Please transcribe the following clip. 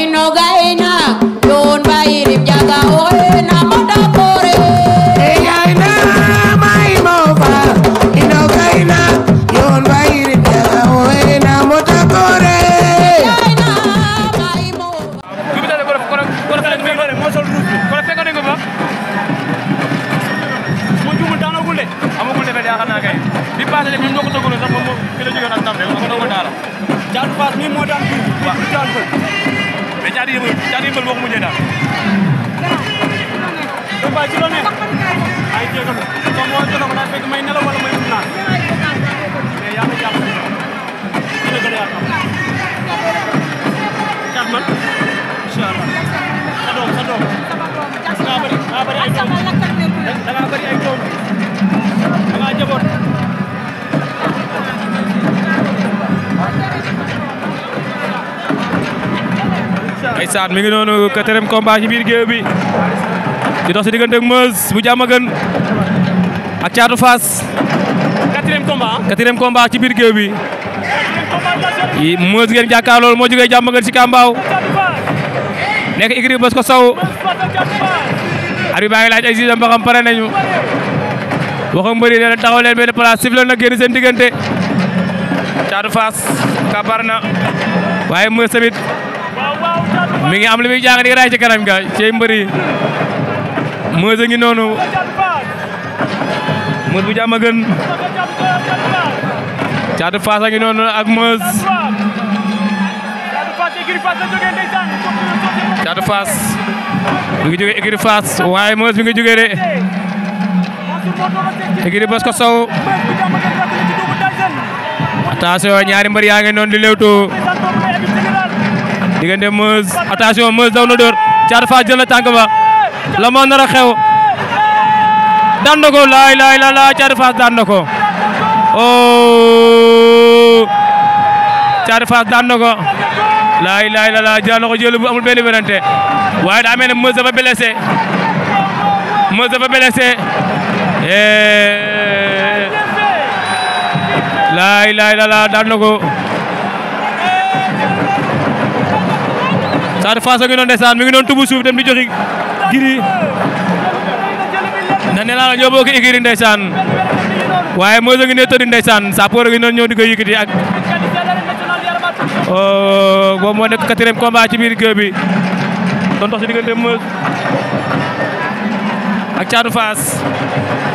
Inoga bi passé dem ñun ñoo ko tëggaloon sax moom moom fi la jógee tam rek ma ko mujjee daal. donc waa ci loolu ne. ay jéego la comme moo jëloon ko daal fekk may nelaw wala may ut naan. mais man incha sa doom sa doom. da ngaa bëri da ngaa doom da doom. ndeysaan mi ngi noonu quatrième combat ci biir géew bi dox si diggante ak bu Diamaguène ak Thiatou Fass. quatrième combat ci biir géew bi. Meuz ngeen moo jógee Diamaguène si Kambaaw nekk Igri Bosco Sow arbitre baa ngi laaj ay juge ba xam pare nañu waxu mbëri nee na taxaw leen benn place sifflé na diggante Thiatou Fass kabar waaye Meuz tamit mi ngi am li muy jàng di raay ci kanam ga ci mbëri Meuss a noonu Meuss bu jàmm a Faas a ngi noonu ak Meuss Caatu Faas mi ngi jógee écurie Faas waaye Meuss mi ngi jógee de écurie Bos ko sow attention ñaari mbër yaa ngi noonu di lewtoo diggante Meuz attention Meuz daw na dóor Thiatou Fass jël na ba la moo nar xew daan na ko laay laay la laa Thiatou Fass daan na ko laay laay laa jël na ko jël amul benn waaye daa mel ne Meuz dafa blessé Meuz dafa eh! laay laay la laa daan na ko Caatu Fass a ngi noonu ndeysaan mi ngi noonu tubu suuf dem di joxi giri na ne laa la ñoo bokk igiri ndeysaan waaye mooy ngi ne tëddi ndeysaan sappoor a ngi noonu ñëw di ko ak oh, boobu moo nekk quatrième combat ci biir géew bi doon dox ci ak Caatu Fass